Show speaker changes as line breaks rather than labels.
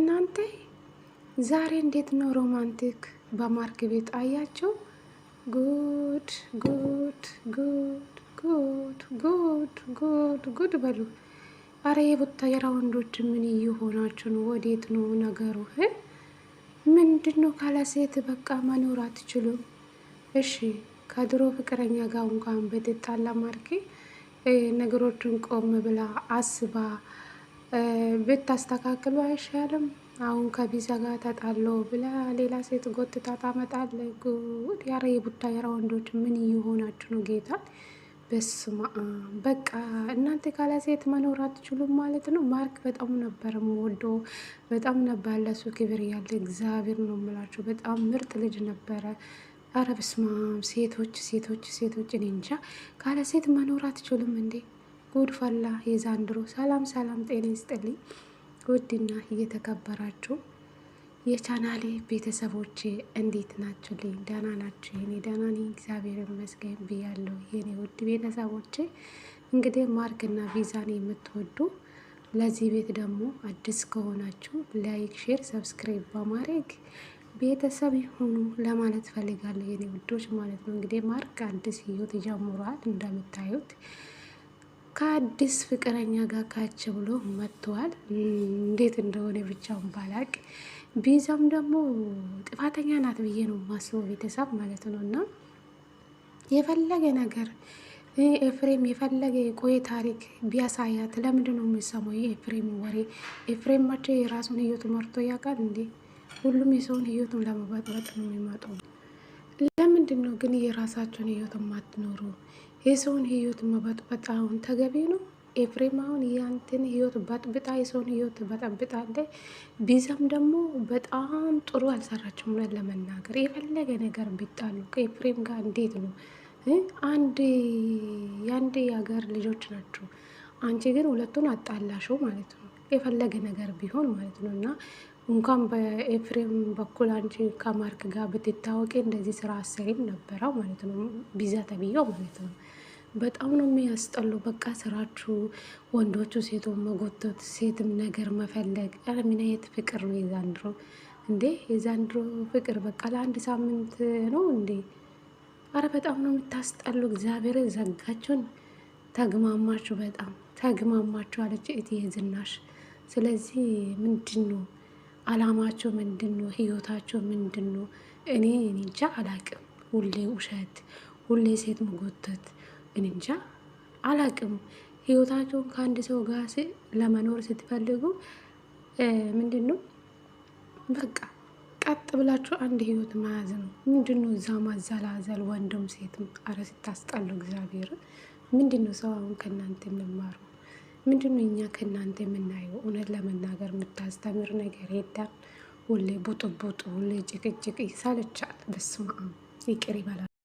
እናንተ ዛሬ እንዴት ነው ሮማንቲክ በማርክ ቤት አያቸው። ጉድ ጉድ ጉድ ጉድ ጉድ ጉድ ጉድ በሉ። አረ የቡታየራ ወንዶች ምን እየሆናችሁ ነው? ወዴት ነው ነገሩ? ምንድን ነው ካለ ሴት በቃ መኖር አትችሉም። እሺ ከድሮ ፍቅረኛ ጋር እንኳን ብትጣላ ማርኬ ነገሮችን ቆም ብላ አስባ ብታስተካክሉ አይሻልም? አሁን ከቢዛ ጋር ተጣለው ብላ ሌላ ሴት ጎትታ ታመጣለች። ያረ የቡታ ያረ ወንዶች ምን እየሆናችሁ ነው? ጌታ በስማ በቃ እናንተ ካለ ሴት መኖር አትችሉም ማለት ነው። ማርክ በጣም ነበር ወዶ በጣም ነበር ለሱ ክብር ያለ እግዚአብሔር ነው የምላቸው። በጣም ምርጥ ልጅ ነበረ። አረ በስማም ሴቶች ሴቶች ሴቶች፣ እኔ እንጃ ካለ ሴት መኖር አትችሉም እንዴ! ጉድፈላ የዛንድሮ ሰላም ሰላም፣ ጤና ይስጥልኝ ውድና እየተከበራችሁ የቻናሌ ቤተሰቦቼ እንዴት ልኝ ደህና ናችሁ? የኔ ደህና ነኝ እግዚአብሔር ይመስገን ብያለሁ። የኔ ውድ ቤተሰቦቼ እንግዲህ ማርክና ቪዛን የምትወዱ ለዚህ ቤት ደግሞ አዲስ ከሆናችሁ ላይክ፣ ሼር፣ ሰብስክራይብ በማድረግ ቤተሰብ ይሁኑ ለማለት ፈልጋለሁ የኔ ውዶች ማለት ነው። እንግዲህ ማርክ አዲስ ህይወት ጀምሯል እንደምታዩት ከአዲስ ፍቅረኛ ጋር ካች ብሎ መጥተዋል። እንዴት እንደሆነ ብቻውን ባላቅ ቢዛም ደግሞ ጥፋተኛ ናት ብዬ ነው ማስበው ቤተሰብ ማለት ነው። እና የፈለገ ነገር ኤፍሬም የፈለገ የቆየ ታሪክ ቢያሳያት ለምንድ ነው የሚሰማው የኤፍሬም ወሬ? ኤፍሬም መቼ የራሱን ህይወቱ መርቶ ያውቃል እንዴ? ሁሉም የሰውን ህይወቱን ለመበጥበጥ ነው የሚመጡ። ለምንድን ነው ግን የራሳቸውን ህይወት ማትኖሩ? የሰውን ህይወት መበጥበጥ አሁን ተገቢ ነው? ኤፍሬም አሁን ያንተን ህይወት በጥብጣ የሰውን ህይወት በጠብጣለ። ቢዛም ደግሞ በጣም ጥሩ አልሰራችም። ሆነን ለመናገር የፈለገ ነገር ቢጣሉ ከኤፍሬም ጋር እንዴት ነው? አንድ የአንድ የሀገር ልጆች ናቸው። አንቺ ግን ሁለቱን አጣላሽው ማለት ነው። የፈለገ ነገር ቢሆን ማለት ነው እና እንኳን በኤፍሬም በኩል አንቺ ከማርክ ጋር ብትታወቂ እንደዚህ ስራ አሰሪም ነበረው ማለት ነው። ቢዛ ተብዬው ማለት ነው። በጣም ነው የሚያስጠሉ። በቃ ስራችሁ ወንዶቹ ሴቱን መጎተት፣ ሴትም ነገር መፈለግ። ምን አይነት ፍቅር ነው የዛንድሮ እንዴ! የዛንድሮ ፍቅር በቃ ለአንድ ሳምንት ነው እንዴ! አረ በጣም ነው የምታስጠሉ። እግዚአብሔር ዘጋችሁን። ተግማማችሁ፣ በጣም ተግማማችሁ አለች እትዬ ዝናሽ። ስለዚህ ምንድን ነው አላማቸው ምንድን ነው? ህይወታቸው ምንድን ነው? እኔ እንጃ አላቅም። ሁሌ ውሸት፣ ሁሌ ሴት መጎተት፣ እንጃ አላቅም። ህይወታቸውን ከአንድ ሰው ጋር ለመኖር ስትፈልጉ ምንድን ነው በቃ ቀጥ ብላችሁ አንድ ህይወት መያዝ ነው። ምንድን ነው እዛ ማዘላዘል? ወንድም ሴትም፣ አረ ስታስጠሉ! እግዚአብሔር ምንድን ነው ሰው አሁን ከእናንተ የምማሩ ምንድነው እኛ ከእናንተ የምናየው? እውነት ለመናገር የምታስተምር ነገር የለም። ሁሌ ቡጥቡጥ፣ ሁሌ ጭቅጭቅ ይሳለቻል። በስመ አብ ይቅር ይበላል።